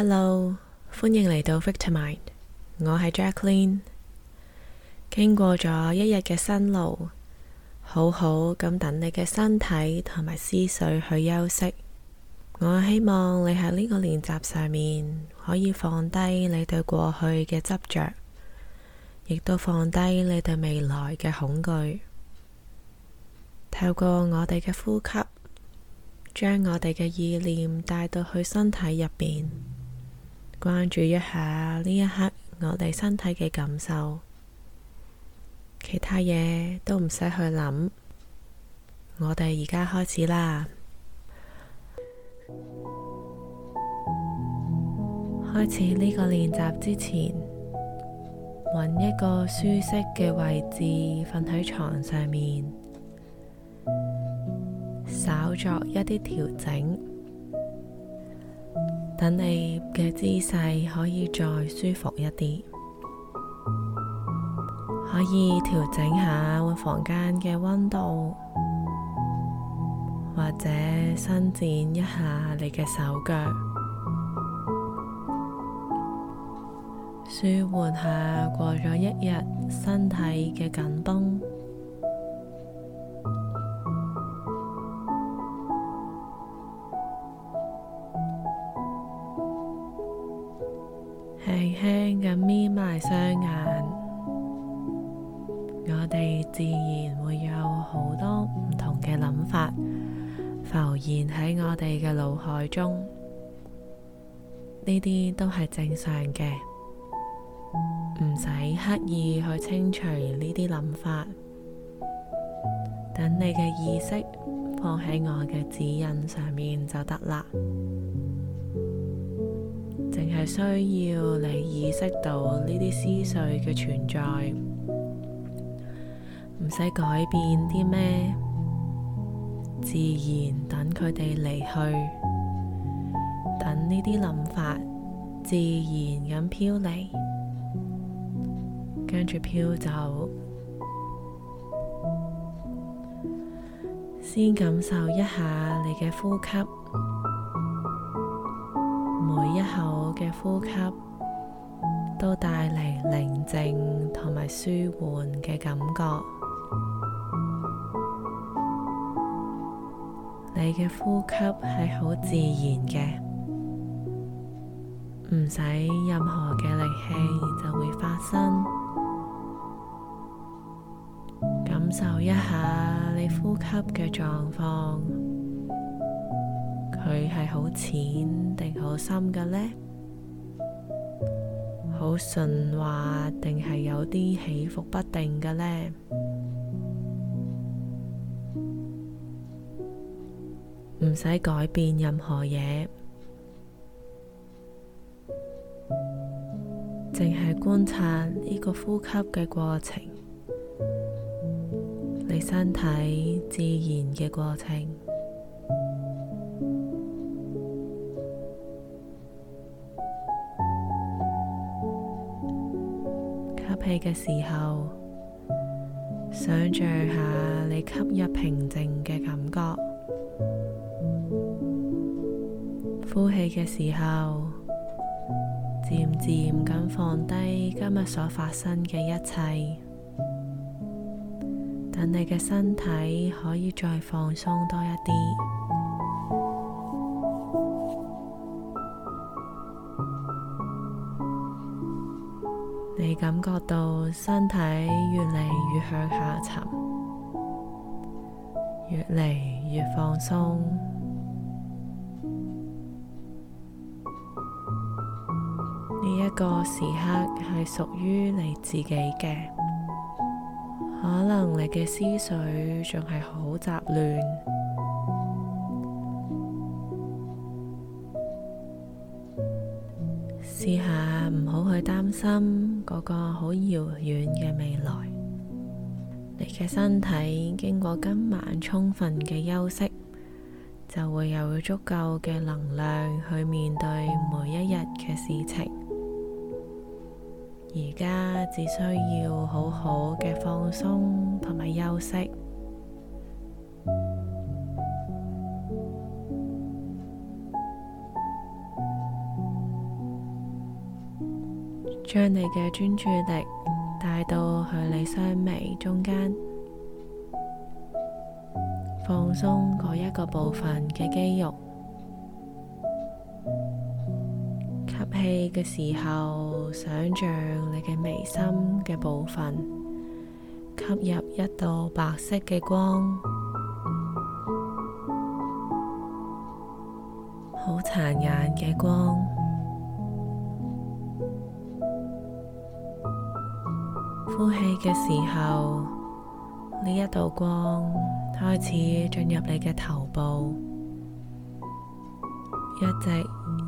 Hello，歡迎嚟到 Victim Mind，我係 Jacqueline。經過咗一日嘅辛勞，好好咁等你嘅身體同埋思緒去休息。我希望你喺呢個練習上面可以放低你對過去嘅執着，亦都放低你對未來嘅恐懼。透過我哋嘅呼吸，將我哋嘅意念帶到去身體入邊。關注一下呢一刻我哋身體嘅感受，其他嘢都唔使去諗。我哋而家開始啦！ 開始呢個練習之前，揾一個舒適嘅位置瞓喺床上面，稍作一啲調整。等你嘅姿勢可以再舒服一啲，可以調整下我房間嘅溫度，或者伸展一下你嘅手腳，舒緩下過咗一日身體嘅緊繃。浮現喺我哋嘅腦海中，呢啲都係正常嘅，唔使刻意去清除呢啲諗法，等你嘅意識放喺我嘅指引上面就得啦。淨係需要你意識到呢啲思緒嘅存在，唔使改變啲咩。自然等佢哋離去，等呢啲諗法自然咁飄嚟，跟住飄走。先感受一下你嘅呼吸，每一口嘅呼吸都帶嚟寧靜同埋舒緩嘅感覺。你嘅呼吸係好自然嘅，唔使任何嘅力氣就會發生。感受一下你呼吸嘅狀況，佢係好淺定好深嘅呢？好順滑定係有啲起伏不定嘅呢？唔使改變任何嘢，淨係觀察呢個呼吸嘅過程，你身體自然嘅過程。吸氣嘅時候，想象下你吸入平靜嘅感覺。呼氣嘅時候，漸漸咁放低今日所發生嘅一切，等你嘅身體可以再放鬆多一啲。你感覺到身體越嚟越向下沉，越嚟越放鬆。個時刻係屬於你自己嘅，可能你嘅思緒仲係好雜亂，試下唔好去擔心嗰個好遙遠嘅未來。你嘅身體經過今晚充分嘅休息，就會有足夠嘅能量去面對每一日嘅事情。而家只需要好好嘅放鬆同埋休息，將你嘅專注力帶到去你雙眉中間，放鬆嗰一個部分嘅肌肉。吸氣嘅時候，想象你嘅眉心嘅部分吸入一道白色嘅光，好殘忍嘅光。呼氣嘅時候，呢一道光開始進入你嘅頭部。一直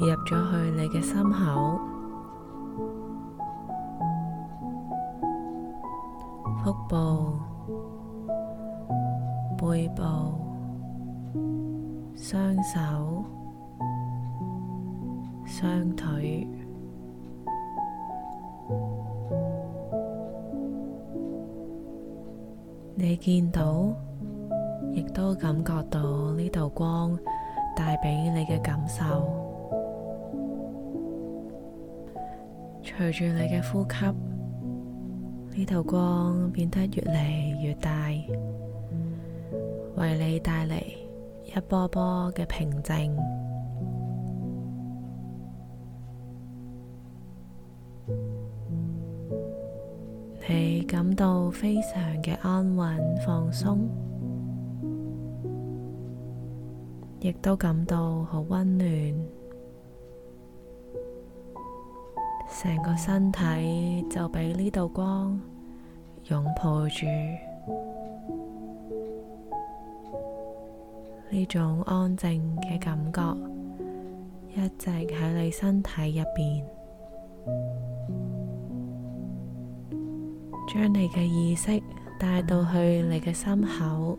入咗去你嘅心口、腹部、背部、雙手、雙腿，你見到亦都感覺到呢道光。帶畀你嘅感受，隨住你嘅呼吸，呢道光變得越嚟越大，為你帶嚟一波波嘅平靜，你感到非常嘅安穩、放鬆。亦都感到好溫暖，成個身體就被呢道光擁抱住，呢種安靜嘅感覺一直喺你身體入邊，將你嘅意識帶到去你嘅心口。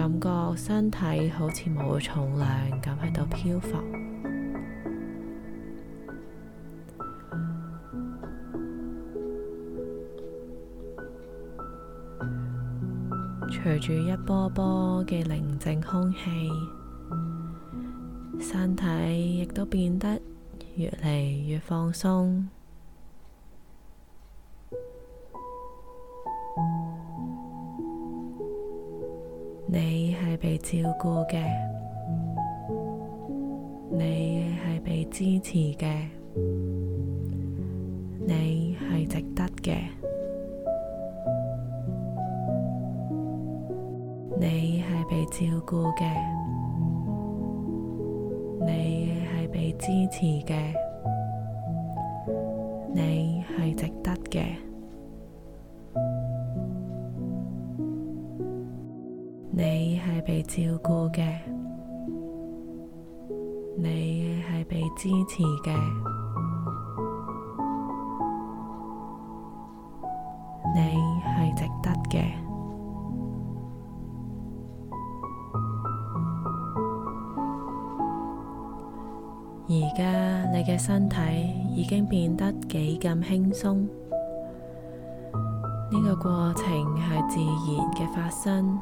感覺身體好似冇重量咁喺度漂浮， 隨住一波波嘅寧靜空氣，身體亦都變得越嚟越放鬆。你係被照顧嘅，你係被支持嘅，你係值得嘅，你係被照顧嘅，你係被支持嘅，你係值得嘅。你係被照顧嘅，你係被支持嘅，你係值得嘅。而家你嘅身體已經變得幾咁輕鬆，呢個過程係自然嘅發生。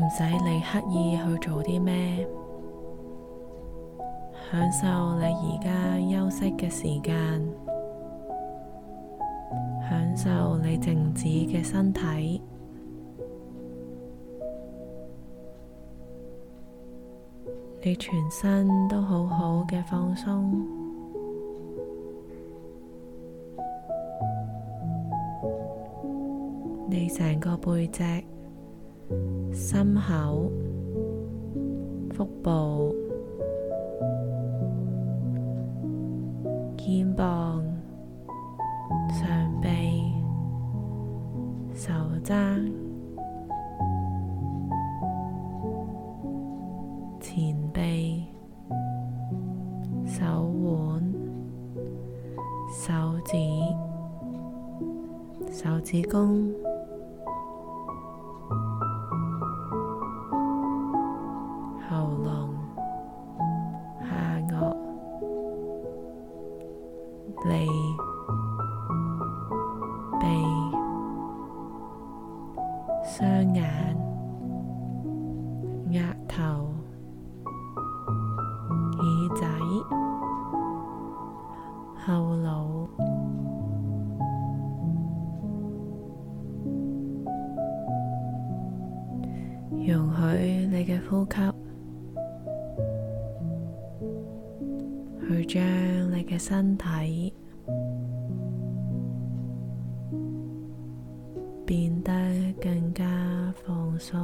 唔使你刻意去做啲咩，享受你而家休息嘅時間，享受你靜止嘅身體，你全身都好好嘅放鬆，你成個背脊。心口、腹部、肩膀、上臂、手肘、前臂、手腕、手指、手指公。脷、鼻、雙眼、額頭、耳仔、後腦，容許你嘅呼吸。要將你嘅身體變得更加放鬆。